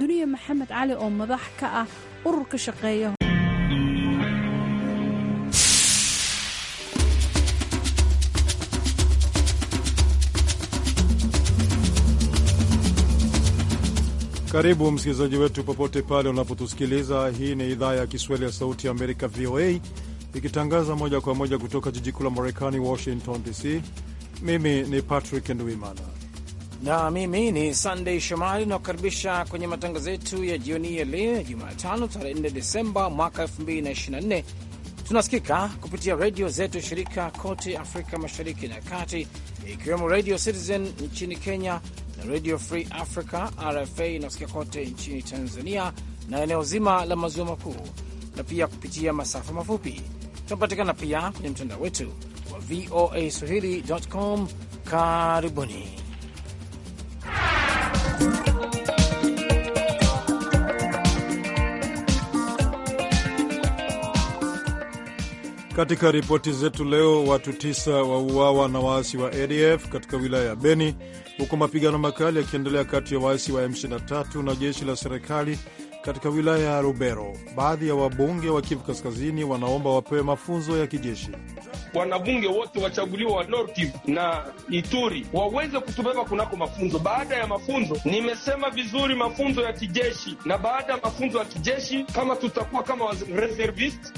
duniya maxamed cali oo madax ka ah urur ka shaqeeya Karibu msikilizaji wetu popote pale unapotusikiliza. Hii ni idhaa ya Kiswahili ya Sauti ya Amerika, VOA, ikitangaza moja kwa moja kutoka jiji kuu la Marekani, Washington DC. Mimi ni Patrick Ndwimana na mimi ni sandey Shomari nakukaribisha kwenye matangazo yetu ya jioni ya leo Jumatano tarehe 4 Desemba mwaka 2024. Tunasikika kupitia redio zetu shirika kote Afrika Mashariki na Kati, ikiwemo Radio Citizen nchini Kenya na Radio Free Africa RFA inasikika kote nchini Tanzania na eneo zima la maziwa makuu, na pia kupitia masafa mafupi. Tunapatikana pia kwenye mtandao wetu wa voa swahili.com. Karibuni. Katika ripoti zetu leo, watu tisa wauawa na waasi wa ADF katika wilaya ya Beni, huku mapigano makali yakiendelea kati ya waasi wa M23 na jeshi la serikali katika wilaya ya Rubero. Baadhi ya wabunge wa Kivu Kaskazini wanaomba wapewe mafunzo ya kijeshi. Wanabunge wote wachaguliwa wa Nord Kivu na Ituri waweze kutubeba kunako mafunzo. Baada ya mafunzo, nimesema vizuri, mafunzo ya kijeshi, na baada ya mafunzo ya kijeshi, kama tutakuwa kama reservist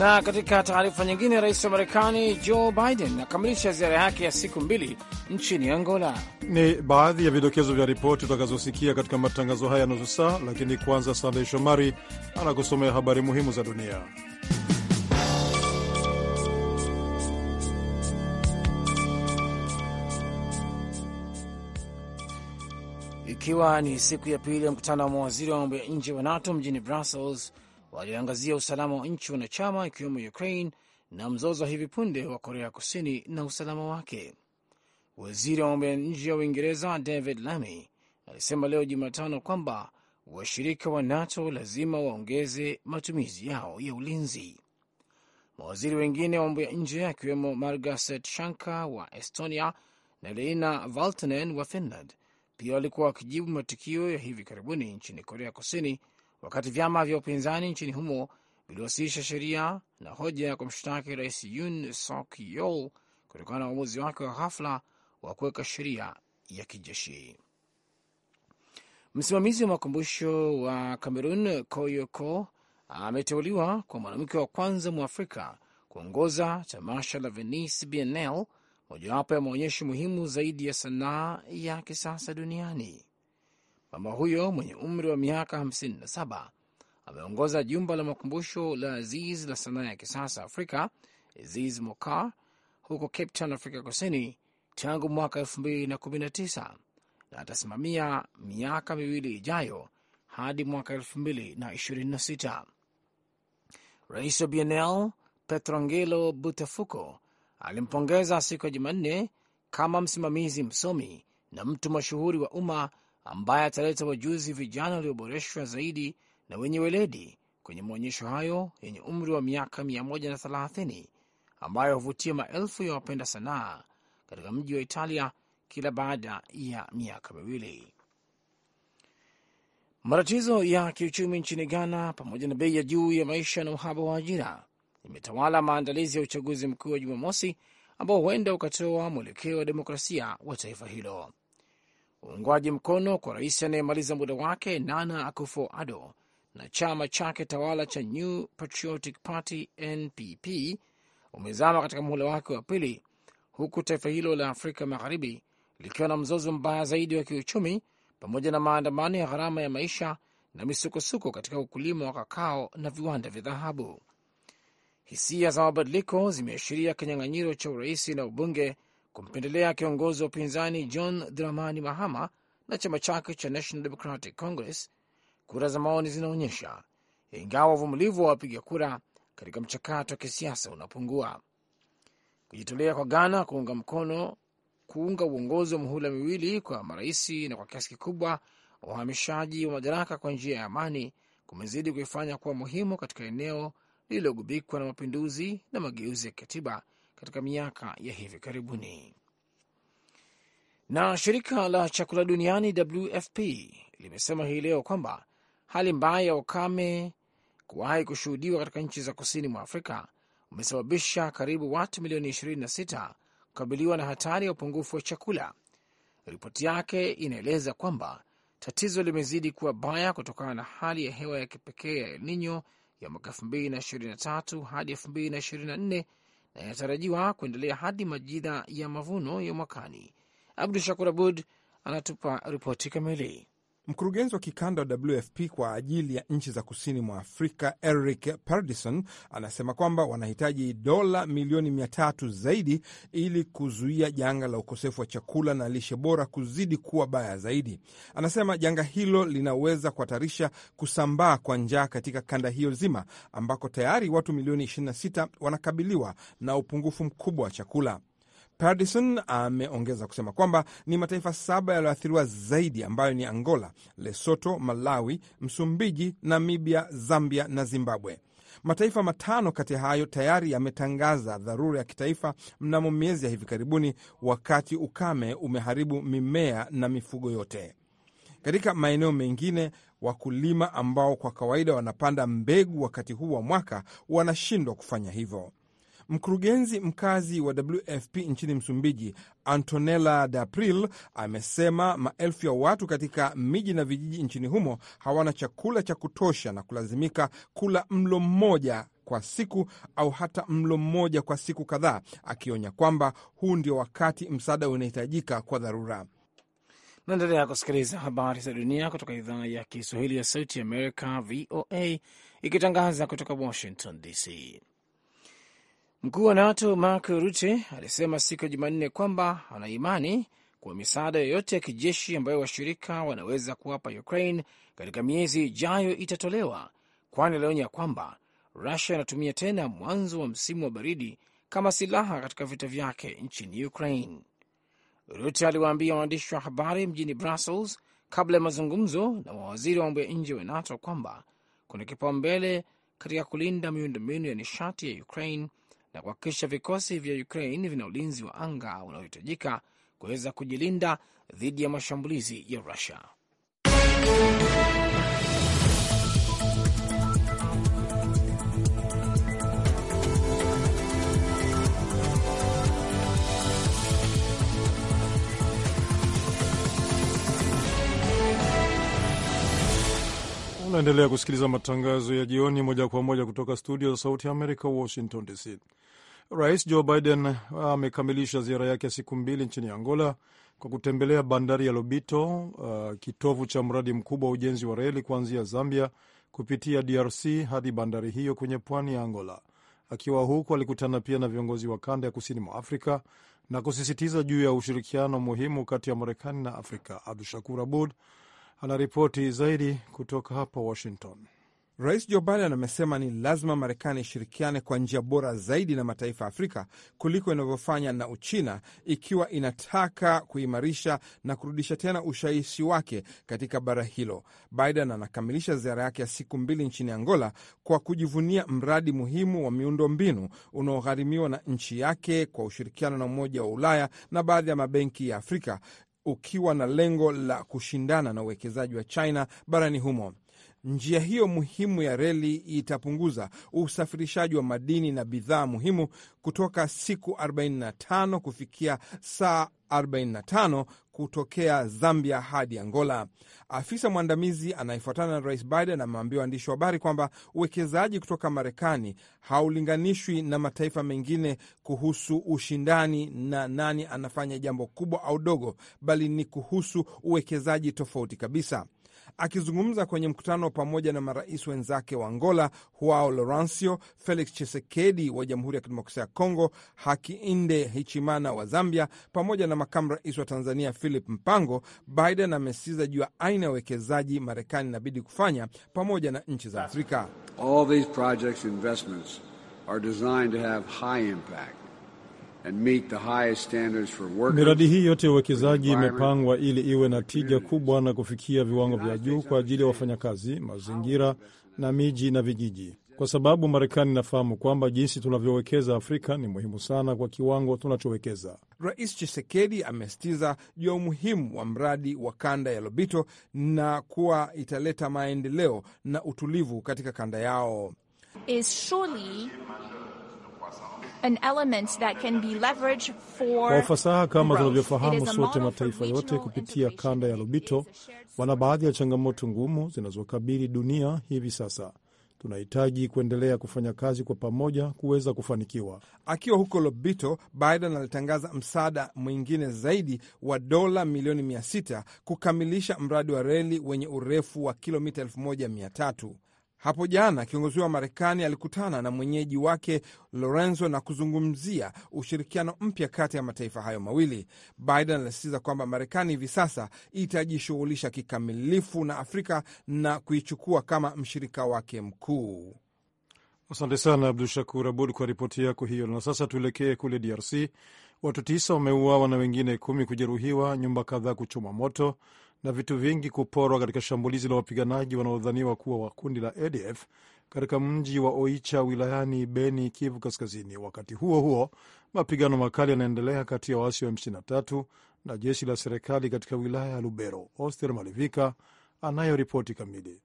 na katika taarifa nyingine, rais wa Marekani Joe Biden akamilisha ziara yake ya siku mbili nchini Angola. Ni baadhi ya vidokezo vya ripoti utakazosikia katika matangazo haya nusu saa, lakini kwanza, Sandey Shomari anakusomea habari muhimu za dunia. Ikiwa ni siku ya pili ya mkutano wa mawaziri wa mambo ya nje wa NATO mjini Brussels, walioangazia usalama wa nchi wanachama ikiwemo Ukraine na mzozo wa hivi punde wa Korea Kusini na usalama wake. Waziri wa mambo ya nje wa Uingereza David Lammy alisema leo Jumatano kwamba washirika wa NATO lazima waongeze matumizi yao ya ulinzi. Mawaziri wengine wa mambo ya nje akiwemo Margaret Shanka wa Estonia na leina Valtonen wa Finland pia walikuwa wakijibu matukio ya hivi karibuni nchini Korea Kusini wakati vyama vya upinzani nchini humo viliwasilisha sheria na hoja ya kumshtaki Rais yun Suk Yeol kutokana na uamuzi wake wa ghafla wa kuweka sheria ya kijeshi. Msimamizi wa makumbusho wa Kamerun Koyoko ameteuliwa kwa mwanamke wa kwanza Mwafrika kuongoza tamasha la Venice Biennale, mojawapo ya maonyesho muhimu zaidi ya sanaa ya kisasa duniani. Mama huyo mwenye umri wa miaka 57 ameongoza jumba la makumbusho la Aziz la sanaa ya kisasa Afrika, Aziz Mokar, huko Cape Town, Afrika Kusini tangu mwaka 2019 na atasimamia miaka miwili ijayo hadi mwaka 2026. Rais wa Bienal Petrangelo butafuco alimpongeza siku ya Jumanne kama msimamizi msomi na mtu mashuhuri wa umma ambaye ataleta wajuzi vijana walioboreshwa zaidi na wenye weledi kwenye maonyesho hayo yenye umri wa miaka 130 ambayo huvutia maelfu ya wapenda sanaa katika mji wa Italia kila baada ya miaka miwili. Matatizo ya kiuchumi nchini Ghana pamoja na bei ya juu ya maisha na uhaba wa ajira imetawala maandalizi ya uchaguzi mkuu wa Jumamosi ambao huenda ukatoa mwelekeo wa demokrasia wa taifa hilo uungwaji mkono kwa rais anayemaliza muda wake Nana akufo Ado na chama chake tawala cha New Patriotic Party NPP umezama katika muhula wake wa pili, huku taifa hilo la Afrika Magharibi likiwa na mzozo mbaya zaidi wa kiuchumi pamoja na maandamano ya gharama ya maisha na misukosuko katika ukulima wa kakao na viwanda vya dhahabu. Hisia za mabadiliko zimeashiria kinyang'anyiro cha urais na ubunge kumpendelea kiongozi wa upinzani John Dramani Mahama na chama chake cha National Democratic Congress. Kura za maoni zinaonyesha ingawa uvumilivu wa wapiga kura katika mchakato wa kisiasa unapungua. Kujitolea kwa Ghana kuunga mkono kuunga uongozi wa muhula miwili kwa marais na kwa kiasi kikubwa uhamishaji wa madaraka kwa njia ya amani kumezidi kuifanya kuwa muhimu katika eneo lililogubikwa na mapinduzi na mageuzi ya kikatiba katika miaka ya hivi karibuni. Na shirika la chakula duniani WFP limesema hii leo kwamba hali mbaya ya ukame kuwahi kushuhudiwa katika nchi za kusini mwa Afrika umesababisha karibu watu milioni 26 kukabiliwa na hatari ya upungufu wa chakula. Ripoti yake inaeleza kwamba tatizo limezidi kuwa baya kutokana na hali ya hewa ya kipekee ya El Nino ya mwaka 2023 hadi 2024 na yanatarajiwa kuendelea hadi majira ya mavuno ya mwakani. Abdu Shakur Abud anatupa ripoti kamili. Mkurugenzi wa kikanda wa WFP kwa ajili ya nchi za kusini mwa Afrika, Eric Perdison, anasema kwamba wanahitaji dola milioni mia tatu zaidi ili kuzuia janga la ukosefu wa chakula na lishe bora kuzidi kuwa baya zaidi. Anasema janga hilo linaweza kuhatarisha kusambaa kwa njaa katika kanda hiyo zima ambako tayari watu milioni 26 wanakabiliwa na upungufu mkubwa wa chakula. Perdison ameongeza kusema kwamba ni mataifa saba yaliyoathiriwa zaidi ambayo ni Angola, Lesoto, Malawi, Msumbiji, Namibia, Zambia na Zimbabwe. Mataifa matano kati ya hayo tayari yametangaza dharura ya kitaifa mnamo miezi ya hivi karibuni, wakati ukame umeharibu mimea na mifugo yote. Katika maeneo mengine wakulima ambao kwa kawaida wanapanda mbegu wakati huu wa mwaka wanashindwa kufanya hivyo. Mkurugenzi mkazi wa WFP nchini Msumbiji, Antonella Dapril, amesema maelfu ya watu katika miji na vijiji nchini humo hawana chakula cha kutosha na kulazimika kula mlo mmoja kwa siku au hata mlo mmoja kwa siku kadhaa, akionya kwamba huu ndio wakati msaada unahitajika kwa dharura. Naendelea kusikiliza habari za dunia kutoka idhaa ya Kiswahili ya Sauti ya Amerika, VOA, ikitangaza kutoka Washington DC. Mkuu wa NATO Mark Rutte alisema siku ya Jumanne kwamba anaimani kwa kuwa misaada yoyote ya kijeshi ambayo washirika wanaweza kuwapa Ukraine katika miezi ijayo itatolewa, kwani alionya kwamba Rusia inatumia tena mwanzo wa msimu wa baridi kama silaha katika vita vyake nchini Ukraine. Rutte aliwaambia waandishi wa habari mjini Brussels kabla ya mazungumzo na mawaziri wa mambo ya nje wa NATO kwamba kuna kipaumbele katika kulinda miundombinu ya nishati ya Ukraine na kuhakikisha vikosi vya Ukraine vina ulinzi wa anga unaohitajika kuweza kujilinda dhidi ya mashambulizi ya Rusia. Unaendelea kusikiliza matangazo ya jioni moja kwa moja kutoka studio za Sauti ya Amerika, Washington DC. Rais Joe Biden amekamilisha ziara yake ya siku mbili nchini Angola kwa kutembelea bandari ya Lobito, uh, kitovu cha mradi mkubwa wa ujenzi wa reli kuanzia Zambia kupitia DRC hadi bandari hiyo kwenye pwani ya Angola. Akiwa huko alikutana pia na viongozi wa kanda ya kusini mwa Afrika na kusisitiza juu ya ushirikiano muhimu kati ya Marekani na Afrika. Abdu Shakur Abud anaripoti zaidi kutoka hapa Washington. Rais Joe Biden amesema ni lazima Marekani ishirikiane kwa njia bora zaidi na mataifa ya Afrika kuliko inavyofanya na Uchina ikiwa inataka kuimarisha na kurudisha tena ushawishi wake katika bara hilo. Biden anakamilisha ziara yake ya siku mbili nchini Angola kwa kujivunia mradi muhimu wa miundo mbinu unaogharimiwa na nchi yake kwa ushirikiano na Umoja wa Ulaya na baadhi ya mabenki ya Afrika ukiwa na lengo la kushindana na uwekezaji wa China barani humo. Njia hiyo muhimu ya reli itapunguza usafirishaji wa madini na bidhaa muhimu kutoka siku 45 kufikia saa 45 kutokea Zambia hadi Angola. Afisa mwandamizi anayefuatana na Rais Biden ameambia waandishi wa habari kwamba uwekezaji kutoka Marekani haulinganishwi na mataifa mengine kuhusu ushindani na nani anafanya jambo kubwa au dogo, bali ni kuhusu uwekezaji tofauti kabisa. Akizungumza kwenye mkutano pamoja na marais wenzake wa Angola Huao Lorancio, Felix chisekedi wa Jamhuri ya Kidemokrasia ya Kongo, hakiinde Hichimana wa Zambia pamoja na makamu rais wa Tanzania Philip Mpango, Biden amesitiza juu ya aina ya uwekezaji Marekani inabidi kufanya pamoja na nchi za Afrika. All these projects investments are designed to have high impact Miradi hii yote ya uwekezaji imepangwa ili iwe na tija kubwa na kufikia viwango vya juu kwa ajili ya wafanyakazi, mazingira na miji na vijiji, kwa sababu Marekani inafahamu kwamba jinsi tunavyowekeza Afrika ni muhimu sana kwa kiwango tunachowekeza. Rais chisekedi amesitiza juu ya umuhimu wa mradi wa kanda ya Lobito na kuwa italeta maendeleo na utulivu katika kanda yao an element that can be leveraged for kwa ufasaha. Kama tunavyofahamu sote, mataifa yote kupitia kanda ya Lobito wana baadhi ya changamoto ngumu zinazokabili dunia hivi sasa. Tunahitaji kuendelea kufanya kazi kwa pamoja kuweza kufanikiwa. Akiwa huko Lobito, Biden alitangaza msaada mwingine zaidi wa dola milioni mia6 kukamilisha mradi wa reli wenye urefu wa kilomita 1300. Hapo jana kiongozi wa Marekani alikutana na mwenyeji wake Lorenzo na kuzungumzia ushirikiano mpya kati ya mataifa hayo mawili. Biden alisisitiza kwamba Marekani hivi sasa itajishughulisha kikamilifu na Afrika na kuichukua kama mshirika wake mkuu. Asante sana Abdu Shakur Abud kwa ripoti yako hiyo. Na sasa tuelekee kule DRC. Watu tisa wameuawa na wengine kumi kujeruhiwa, nyumba kadhaa kuchomwa moto na vitu vingi kuporwa katika shambulizi la wapiganaji wanaodhaniwa kuwa wa kundi la ADF katika mji wa Oicha wilayani Beni, Kivu Kaskazini. Wakati huo huo, mapigano makali yanaendelea kati ya waasi wa M23 na jeshi la serikali katika wilaya ya Lubero. Oster Malivika anayo ripoti kamili.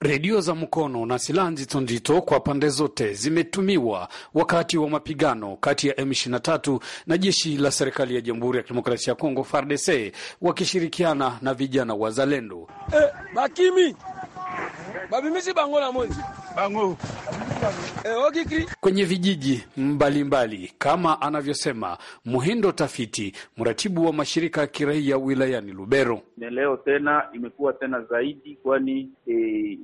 Redio za mkono na silaha nzito nzito kwa pande zote zimetumiwa wakati wa mapigano kati ya M23 na jeshi la serikali ya Jamhuri ya Kidemokrasia ya Kongo FARDC wakishirikiana na vijana wazalendo. Eh, bakimi babimizi bango na bango Eh, kwenye vijiji mbalimbali mbali, kama anavyosema Muhindo Tafiti, mratibu wa mashirika ya kiraia wilayani Lubero. Leo tena imekuwa tena zaidi, kwani e,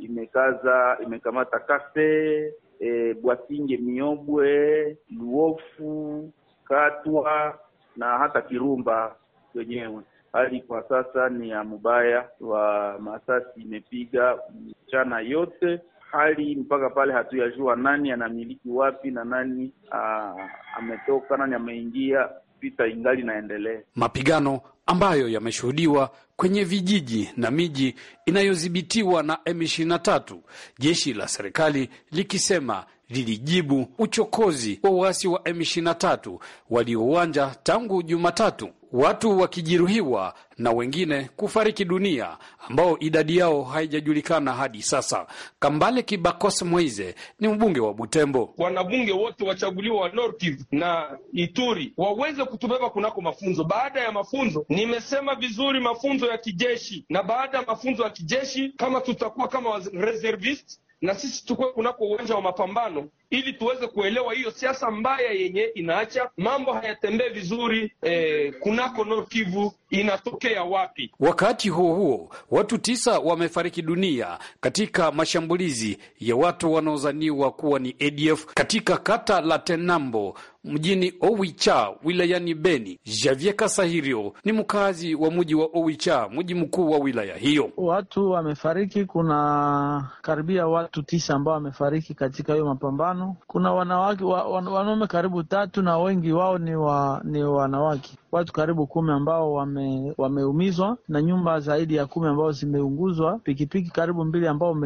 imekaza imekamata Kafe e, eh, Bwasinge, Miobwe, Luofu, Katwa na hata Kirumba wenyewe. Hali kwa sasa ni ya mubaya wa masasi imepiga mchana yote hali mpaka pale hatuyajua nani anamiliki wapi na nani aa, ah, ametoka nani ameingia, vita ingali inaendelea. Mapigano ambayo yameshuhudiwa kwenye vijiji na miji inayodhibitiwa na M23, jeshi la serikali likisema lilijibu uchokozi wa waasi wa M23 waliouanja tangu Jumatatu, watu wakijeruhiwa na wengine kufariki dunia ambao idadi yao haijajulikana hadi sasa. Kambale Kibakos Moize ni mbunge wa Butembo. Wanabunge wote wachaguliwa wa Kivu na Ituri waweze kutubeba kunako mafunzo. Baada ya mafunzo, Nimesema vizuri mafunzo ya kijeshi, na baada ya mafunzo ya kijeshi kama tutakuwa kama reservist na sisi tukuwe kunako uwanja wa mapambano ili tuweze kuelewa hiyo siasa mbaya yenye inaacha mambo hayatembee vizuri eh, kunako Nord Kivu inatokea wapi? Wakati huo huo, watu tisa wamefariki dunia katika mashambulizi ya watu wanaozaniwa kuwa ni ADF katika kata la Tenambo mjini Owicha wilayani Beni. Javier Kasahirio ni mkazi wa mji wa Owicha, mji mkuu wa wilaya hiyo. Watu wamefariki, kuna karibia watu tisa ambao wamefariki katika hiyo mapambano. Kuna wanawake wa, wanaume karibu tatu na wengi wao ni, wa, ni wanawake watu karibu kumi ambao wame, wameumizwa na nyumba zaidi ya kumi ambao zimeunguzwa, pikipiki karibu mbili ambao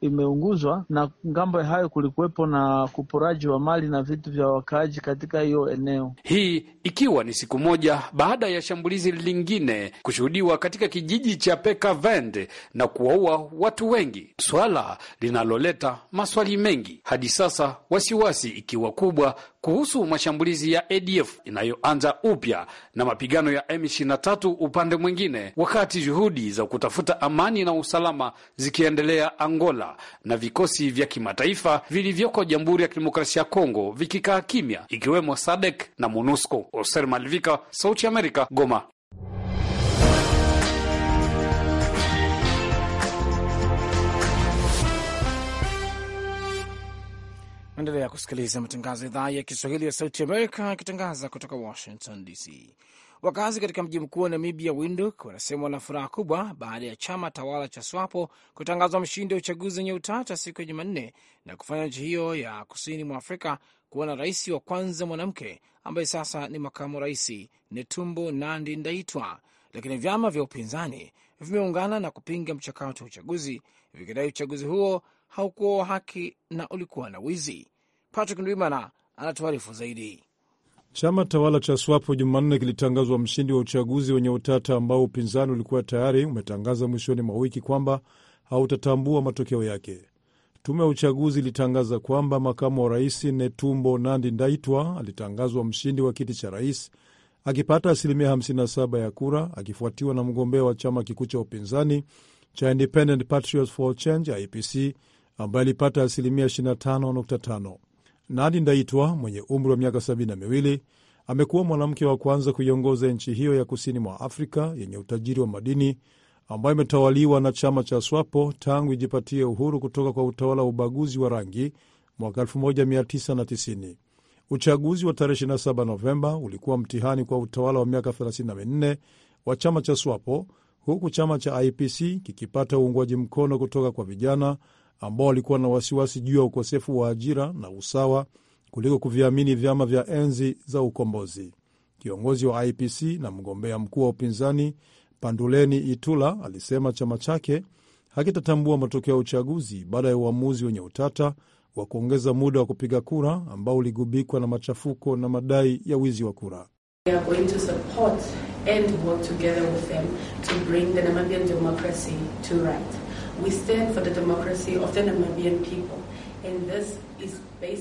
imeunguzwa, na ngambo ya hayo kulikuwepo na kuporaji wa mali na vitu vya wakaaji katika hiyo eneo. Hii ikiwa ni siku moja baada ya shambulizi lingine kushuhudiwa katika kijiji cha Vend na kuwaua watu wengi, swala linaloleta maswali mengi hadi sasa, wasiwasi ikiwa kubwa kuhusu mashambulizi ya ADF inayoanza upya na mapigano ya M23 upande mwingine, wakati juhudi za kutafuta amani na usalama zikiendelea Angola na vikosi vya kimataifa vilivyoko Jamhuri ya Kidemokrasia ya Kongo vikikaa kimya, ikiwemo sadek na MONUSCO. Oser Malvika, Sauti ya Amerika, Goma. Endelea kusikiliza matangazo ya idhaa ya Kiswahili ya Sauti Amerika akitangaza kutoka Washington DC. Wakazi katika mji mkuu wa Namibia, Windhoek, wanasema wana furaha kubwa baada ya chama tawala cha SWAPO kutangazwa mshindi wa uchaguzi wenye utata siku ya Jumanne na kufanya nchi hiyo ya kusini mwa Afrika kuwa na rais wa kwanza mwanamke ambaye sasa ni makamu rais Netumbo Nandi Ndaitwa. Lakini vyama vya upinzani vimeungana na kupinga mchakato wa uchaguzi vikidai uchaguzi huo haukuwa wa haki na ulikuwa na wizi. Patrick Ndwimana anatuarifu zaidi. Chama tawala cha SWAPO Jumanne kilitangazwa mshindi wa uchaguzi wenye utata ambao upinzani ulikuwa tayari umetangaza mwishoni mwa wiki kwamba hautatambua matokeo yake. Tume ya uchaguzi ilitangaza kwamba makamu wa rais Netumbo Nandi Ndaitwa alitangazwa mshindi wa kiti cha rais akipata asilimia 57 ya kura, akifuatiwa na mgombea wa chama kikuu cha upinzani cha Independent Patriots for Change IPC ambaye alipata asilimia 25.5. Nadi Ndaitwa mwenye umri wa miaka 72 amekuwa mwanamke wa kwanza kuiongoza nchi hiyo ya kusini mwa Afrika yenye utajiri wa madini ambayo imetawaliwa na chama cha SWAPO tangu ijipatie uhuru kutoka kwa utawala wa ubaguzi wa rangi mwaka 1990. Uchaguzi wa tarehe 27 Novemba ulikuwa mtihani kwa utawala wa miaka 34 wa chama cha SWAPO, huku chama cha IPC kikipata uungwaji mkono kutoka kwa vijana ambao walikuwa na wasiwasi juu ya ukosefu wa ajira na usawa kuliko kuviamini vyama vya enzi za ukombozi. Kiongozi wa IPC na mgombea mkuu wa upinzani Panduleni Itula alisema chama chake hakitatambua matokeo ya uchaguzi baada ya uamuzi wenye utata wa kuongeza muda wa kupiga kura ambao uligubikwa na machafuko na madai ya wizi wa kura. Right.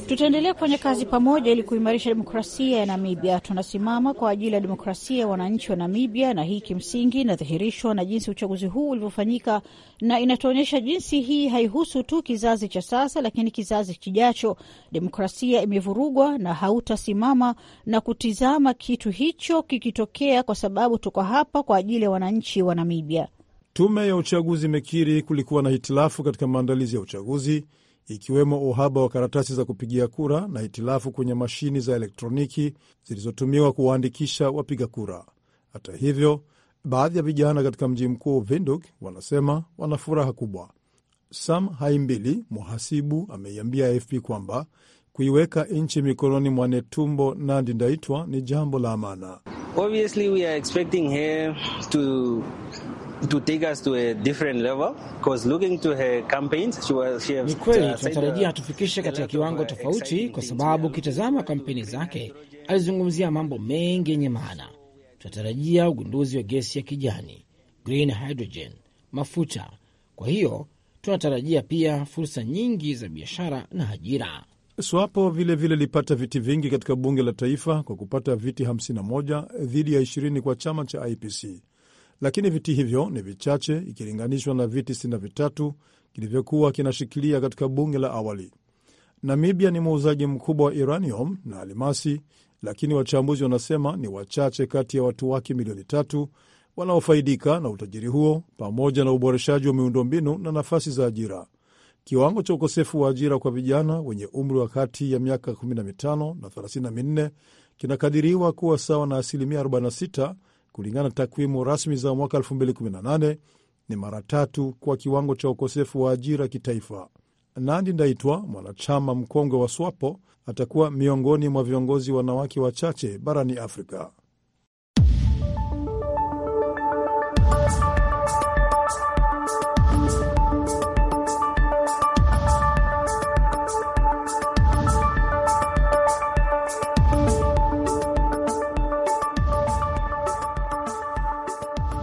Tutaendelea kufanya kazi pamoja ili kuimarisha demokrasia ya Namibia. Tunasimama kwa ajili ya demokrasia ya wananchi wa Namibia, na hii kimsingi inadhihirishwa na jinsi uchaguzi huu ulivyofanyika, na inatuonyesha jinsi hii haihusu tu kizazi cha sasa, lakini kizazi kijacho. Demokrasia imevurugwa na hautasimama na kutizama kitu hicho kikitokea, kwa sababu tuko hapa kwa ajili ya wananchi wa Namibia. Tume ya uchaguzi imekiri kulikuwa na hitilafu katika maandalizi ya uchaguzi, ikiwemo uhaba wa karatasi za kupigia kura na hitilafu kwenye mashini za elektroniki zilizotumiwa kuwaandikisha wapiga kura. Hata hivyo, baadhi ya vijana katika mji mkuu vinduk wanasema wana furaha kubwa. Sam Haimbili, mwhasibu ameiambia AFP kwamba kuiweka nchi mikononi mwa Netumbo Nandi Ndaitwa ni jambo la amana. Ni kweli uh, tunatarajia uh, tufikishe katika kiwango tofauti, kwa sababu ukitazama kampeni zake alizungumzia mambo mengi yenye maana. Tunatarajia ugunduzi wa gesi ya kijani, green hydrogen, mafuta. Kwa hiyo tunatarajia pia fursa nyingi za biashara na ajira. Swapo vilevile vile lipata viti vingi katika bunge la taifa kwa kupata viti 51 dhidi ya 20 kwa chama cha IPC lakini viti hivyo ni vichache ikilinganishwa na viti 63 kilivyokuwa kinashikilia katika bunge la awali. Namibia ni muuzaji mkubwa wa uranium na alimasi, lakini wachambuzi wanasema ni wachache kati ya watu wake milioni tatu wanaofaidika na utajiri huo, pamoja na uboreshaji wa miundombinu na nafasi za ajira. Kiwango cha ukosefu wa ajira kwa vijana wenye umri wa kati ya miaka 15 na 34 kinakadiriwa kuwa sawa na asilimia 46 kulingana na takwimu rasmi za mwaka 2018 ni mara tatu kwa kiwango cha ukosefu wa ajira kitaifa. Nandi Ndaitwa, mwanachama mkongwe wa SWAPO, atakuwa miongoni mwa viongozi wanawake wachache barani Afrika.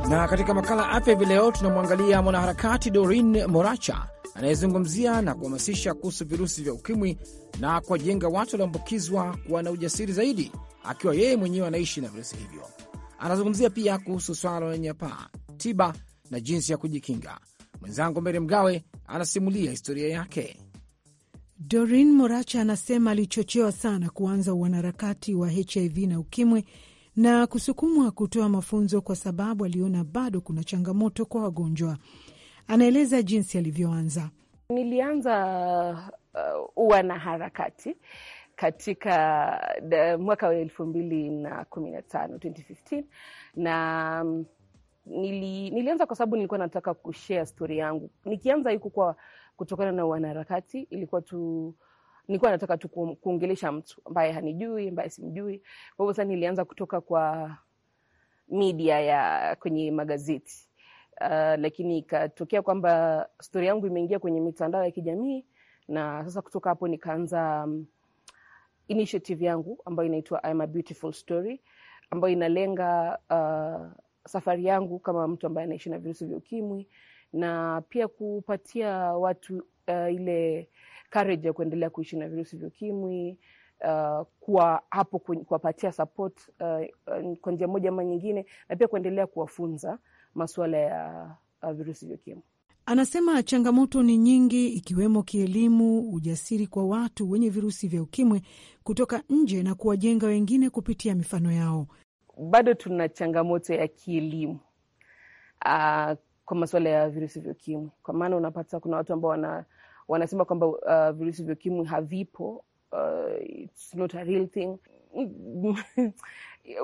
Na katika makala afya hivi leo tunamwangalia mwanaharakati dorin Moracha anayezungumzia na kuhamasisha kuhusu virusi vya ukimwi na kuwajenga watu walioambukizwa kuwa na ujasiri zaidi, akiwa yeye mwenyewe anaishi na virusi hivyo. Anazungumzia pia kuhusu swala la unyanyapaa, tiba na jinsi ya kujikinga. Mwenzangu Meri Mgawe anasimulia historia yake. dorin Moracha anasema alichochewa sana kuanza uanaharakati wa HIV na ukimwi na kusukumwa kutoa mafunzo kwa sababu aliona bado kuna changamoto kwa wagonjwa. Anaeleza jinsi alivyoanza. Nilianza huwa uh, katika uh, mwaka wa elfu mbili na kumi na tano 2015 na um, nili, nilianza kwa sababu nilikuwa nataka kushare stori yangu nikianza iko kwa kutokana na wanaharakati ilikuwa tu nilikuwa nataka tu kuongelesha mtu ambaye hanijui, ambaye simjui. Kwa hivyo sasa nilianza kutoka kwa media ya kwenye magazeti uh, lakini ikatokea kwamba stori yangu imeingia kwenye mitandao ya kijamii, na sasa kutoka hapo nikaanza um, initiative yangu ambayo inaitwa I'm a Beautiful Story ambayo inalenga uh, safari yangu kama mtu ambaye anaishi na virusi vya ukimwi na pia kupatia watu uh, ile courage ya kuendelea kuishi na virusi vya ukimwi uh, kuwa hapo kuwapatia support uh, kwa njia moja ama nyingine, na pia kuendelea kuwafunza masuala ya uh, virusi vya ukimwi. Anasema changamoto ni nyingi, ikiwemo kielimu, ujasiri kwa watu wenye virusi vya ukimwi kutoka nje na kuwajenga wengine kupitia mifano yao. Bado tuna changamoto ya kielimu uh, kwa masuala ya virusi vya ukimwi, kwa maana unapata kuna watu ambao wana wanasema kwamba uh, virusi vya ukimwi havipo. Uh, it's not a real thing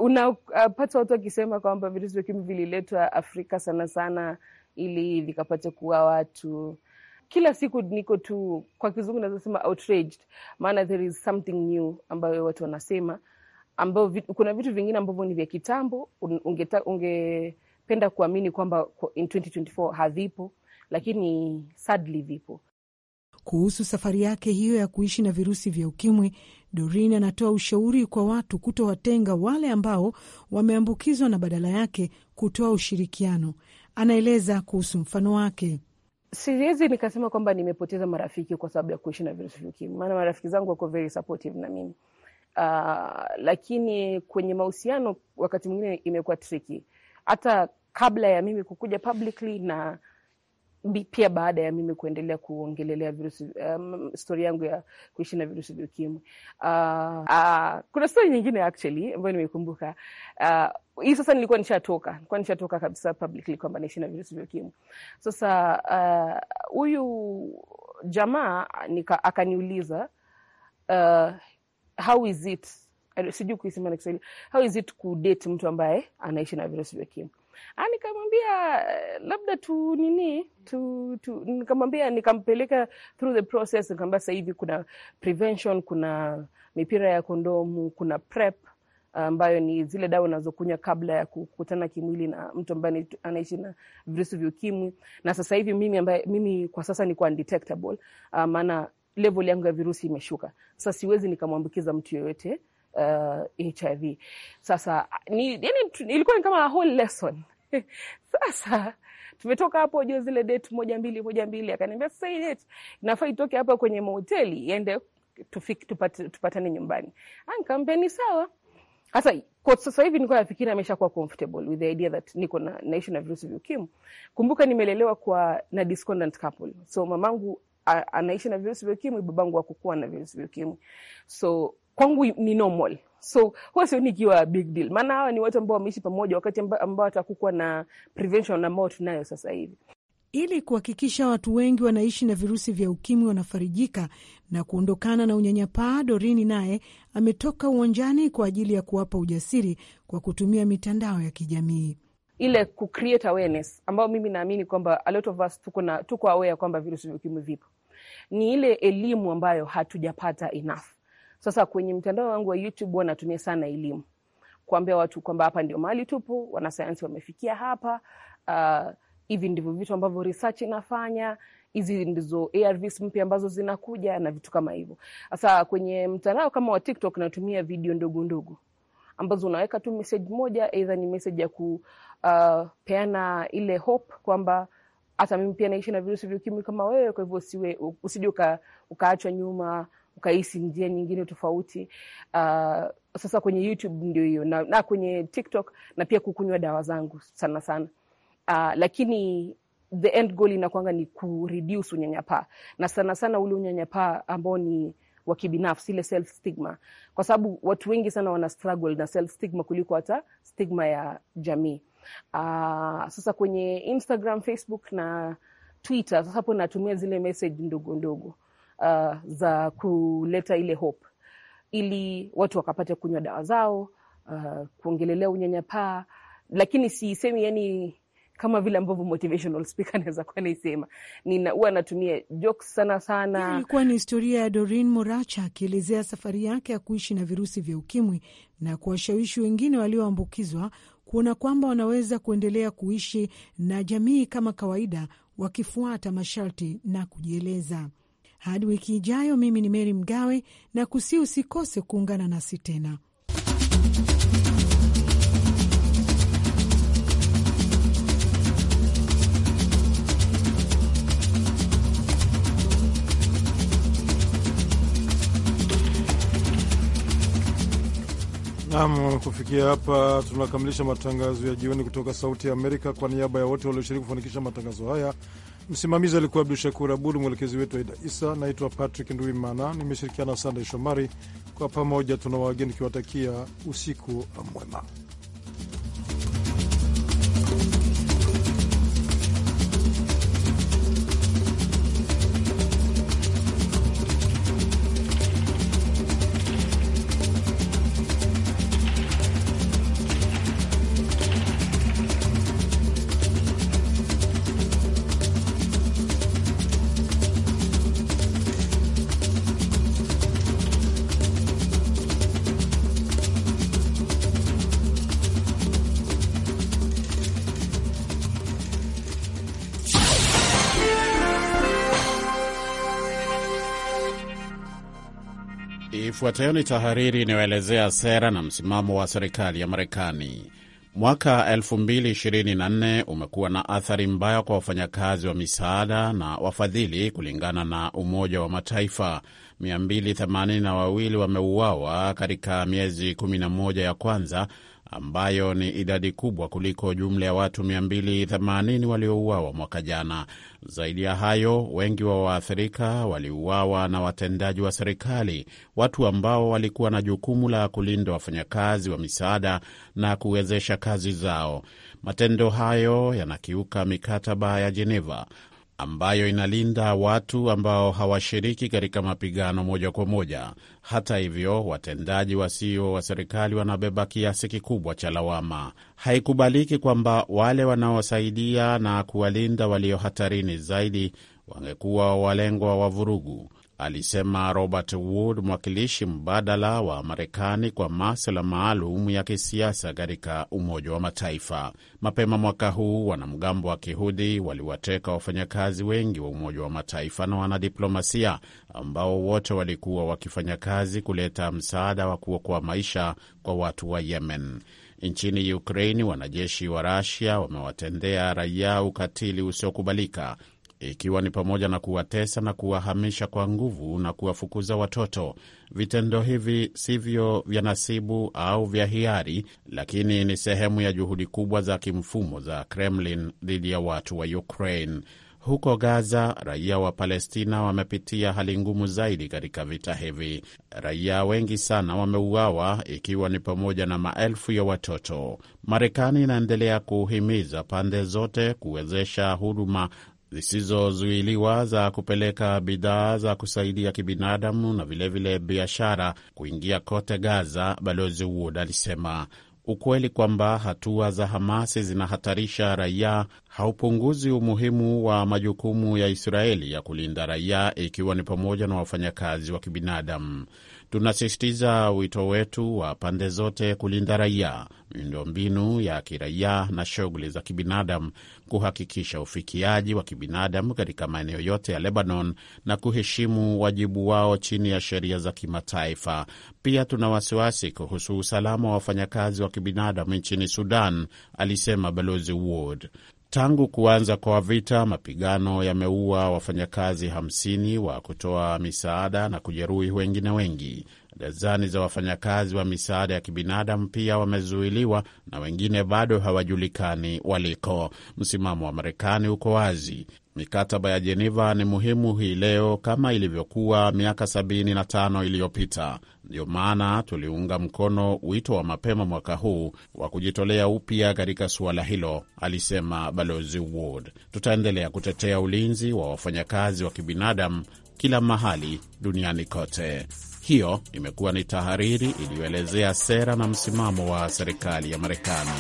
unapata uh, watu wakisema kwamba virusi vya ukimwi vililetwa Afrika sana sana ili vikapata kuua watu. Kila siku niko tu, kwa kizungu nazosema outraged, maana there is something new ambayo watu wanasema, ambao kuna vitu vingine ambavyo ni vya kitambo ungependa unge kuamini kwamba in 2024 havipo, lakini sadly vipo. Kuhusu safari yake hiyo ya kuishi na virusi vya ukimwi, dorin anatoa ushauri kwa watu kutowatenga wale ambao wameambukizwa na badala yake kutoa ushirikiano. Anaeleza kuhusu mfano wake. Siwezi nikasema kwamba nimepoteza marafiki kwa sababu ya kuishi na virusi vya ukimwi, maana marafiki zangu wako very supportive na mimi uh, lakini kwenye mahusiano wakati mwingine imekuwa tricky, hata kabla ya mimi kukuja publicly na pia baada ya mimi kuendelea kuongelelea virusi um, stori yangu ya kuishi na virusi vya ukimwi. Uh, uh, kuna stori nyingine actually ambayo nimeikumbuka uh, hii sasa, nilikuwa nishatoka, nilikuwa nishatoka kabisa publicly kwamba naishi na virusi vya ukimwi. Sasa uh, huyu uh, jamaa akaniuliza uh, how is it, sijui kuisema na Kiswahili, how is it kudate mtu ambaye anaishi na virusi vya ukimwi Yaani nikamwambia eh, labda tu nini tu, tu, nikamwambia nikampeleka through the process, nikamwambia sasa hivi kuna prevention, kuna mipira ya kondomu, kuna prep ambayo ni zile dawa unazokunywa kabla ya kukutana kimwili na mtu ambaye anaishi na virusi vya ukimwi. Na sasa hivi mimi ambaye mimi kwa sasa niko undetectable, ah, maana level yangu ya virusi imeshuka. Sasa siwezi nikamwambukiza mtu yoyote uh, HIV. Sasa ni, yani, ilikuwa ni kama whole lesson sasa tumetoka hapo jua zile date moja mbili moja mbili, akaniambia sasa hii date inafaa itoke hapa kwenye mahoteli iende tufik tupatane tupata nyumbani. Nikamwambia ni sawa. Sasa kwa sasa hivi niko nafikiri ameshakuwa comfortable with the idea that niko na naishi na virusi vya ukimwi. Kumbuka nimelelewa kwa na discordant couple, so mamangu anaishi na virusi vya ukimwi, babangu hakukuwa na virusi vya ukimwi, so kwangu ni normal so huwa sioni ikiwa big deal, maana hawa ni watu ambao wameishi pamoja wakati ambao hatakukuwa na prevention ambao tunayo sasa hivi. Ili kuhakikisha watu wengi wanaishi na virusi vya ukimwi wanafarijika na kuondokana na unyanyapaa, Dorini naye ametoka uwanjani kwa ajili ya kuwapa ujasiri kwa kutumia mitandao ya kijamii ile ku create awareness ambayo mimi naamini kwamba a lot of us tuko na tuko aware kwamba virusi vya ukimwi vipo, ni ile elimu ambayo hatujapata enough sasa kwenye mtandao wangu wa YouTube wanatumia sana elimu, kuambia watu kwamba hapa ndio mahali tupo, wanasayansi wamefikia hapa, ah, hivi uh, ndivyo vitu ambavyo research inafanya, hizi ndizo ARVs mpya ambazo zinakuja na vitu kama hivyo. Sasa kwenye mtandao kama wa TikTok natumia video ndogo ndogo ambazo unaweka tu message moja, aidha ni message ya kupeana ah, uh, ile hope kwamba hata mimi pia naishi na virusi vya ukimwi kama wewe, kwa hivyo usije ukaachwa nyuma ukahisi njia nyingine tofauti. Uh, sasa kwenye YouTube ndio hiyo na, na kwenye TikTok na pia kukunywa dawa zangu sana sana. Uh, lakini the end goal inakwanga ni kureduce unyanyapaa na sana sana ule unyanyapaa ambao ni wa kibinafsi, ile self stigma, kwa sababu watu wengi sana wana struggle na self stigma kuliko hata stigma ya jamii. Uh, sasa kwenye Instagram, Facebook na Twitter, sasa hapo natumia zile message ndogo ndogo uh, za kuleta ile hope ili watu wakapate kunywa dawa zao, uh, kuongelelea unyanyapaa, lakini siisemi yani kama vile ambavyo motivational speaker anaweza kuwa naisema, huwa anatumia jokes sana sana. Ilikuwa ni historia ya Doreen Moracha akielezea safari yake ya kuishi na virusi vya ukimwi na kuwashawishi wengine walioambukizwa kuona kwamba wanaweza kuendelea kuishi na jamii kama kawaida, wakifuata masharti na kujieleza. Hadi wiki ijayo, mimi ni Meri Mgawe na kusi, usikose kuungana nasi tena. Nam, kufikia hapa tunakamilisha matangazo ya jioni kutoka Sauti ya Amerika. Kwa niaba ya wote walioshiriki kufanikisha matangazo haya, Msimamizi alikuwa Abdu Shakur Abud, mwelekezi wetu Aida Isa. Naitwa Patrick Nduimana, nimeshirikiana Sandey Shomari. Kwa pamoja tuna wageni kiwatakia usiku mwema. Ifuatayo ni tahariri inayoelezea sera na msimamo wa serikali ya Marekani. Mwaka 2024 umekuwa na athari mbaya kwa wafanyakazi wa misaada na wafadhili. Kulingana na Umoja wa Mataifa, 282 wameuawa katika miezi 11 ya kwanza ambayo ni idadi kubwa kuliko jumla ya watu 280 waliouawa mwaka jana. Zaidi ya hayo, wengi wa waathirika waliuawa na watendaji wa serikali, watu ambao walikuwa na jukumu la kulinda wafanyakazi wa misaada na kuwezesha kazi zao. Matendo hayo yanakiuka mikataba ya Jeneva ambayo inalinda watu ambao hawashiriki katika mapigano moja kwa moja. Hata hivyo, watendaji wasio wa serikali wanabeba kiasi kikubwa cha lawama. Haikubaliki kwamba wale wanaosaidia na kuwalinda walio hatarini zaidi wangekuwa walengwa wa vurugu alisema Robert Wood, mwakilishi mbadala wa Marekani kwa maswala maalum ya kisiasa katika Umoja wa Mataifa. Mapema mwaka huu wanamgambo wa kihudhi waliwateka wafanyakazi wengi wa Umoja wa Mataifa na wanadiplomasia ambao wote walikuwa wakifanya kazi kuleta msaada wa kuokoa maisha kwa watu wa Yemen. Nchini Ukraini, wanajeshi wa Rasia wamewatendea raia ukatili usiokubalika ikiwa ni pamoja na kuwatesa na kuwahamisha kwa nguvu na kuwafukuza watoto. Vitendo hivi sivyo vya nasibu au vya hiari, lakini ni sehemu ya juhudi kubwa za kimfumo za Kremlin dhidi ya watu wa Ukraine. Huko Gaza, raia wa Palestina wamepitia hali ngumu zaidi katika vita hivi. Raia wengi sana wameuawa, ikiwa ni pamoja na maelfu ya watoto. Marekani inaendelea kuhimiza pande zote kuwezesha huduma zisizozuiliwa za kupeleka bidhaa za kusaidia kibinadamu na vilevile biashara kuingia kote Gaza, Balozi Wood alisema ukweli kwamba hatua za Hamasi zinahatarisha raia haupunguzi umuhimu wa majukumu ya Israeli ya kulinda raia, ikiwa ni pamoja na wafanyakazi wa kibinadamu. Tunasisitiza wito wetu wa pande zote kulinda raia, miundombinu ya kiraia na shughuli za kibinadamu, kuhakikisha ufikiaji wa kibinadamu katika maeneo yote ya Lebanon na kuheshimu wajibu wao chini ya sheria za kimataifa. Pia tuna wasiwasi kuhusu usalama wa wafanyakazi wa kibinadamu nchini Sudan, alisema Balozi Ward. Tangu kuanza kwa vita, mapigano yameua wafanyakazi 50 wa kutoa misaada na kujeruhi wengine wengi. Dazani za wafanyakazi wa misaada ya kibinadamu pia wamezuiliwa na wengine bado hawajulikani waliko. Msimamo wa Marekani uko wazi. Mikataba ya Jeneva ni muhimu hii leo kama ilivyokuwa miaka 75 iliyopita. Ndiyo maana tuliunga mkono wito wa mapema mwaka huu wa kujitolea upya katika suala hilo, alisema Balozi Wood. Tutaendelea kutetea ulinzi wa wafanyakazi wa kibinadamu kila mahali duniani kote hiyo imekuwa ni tahariri iliyoelezea sera na msimamo wa serikali ya Marekani.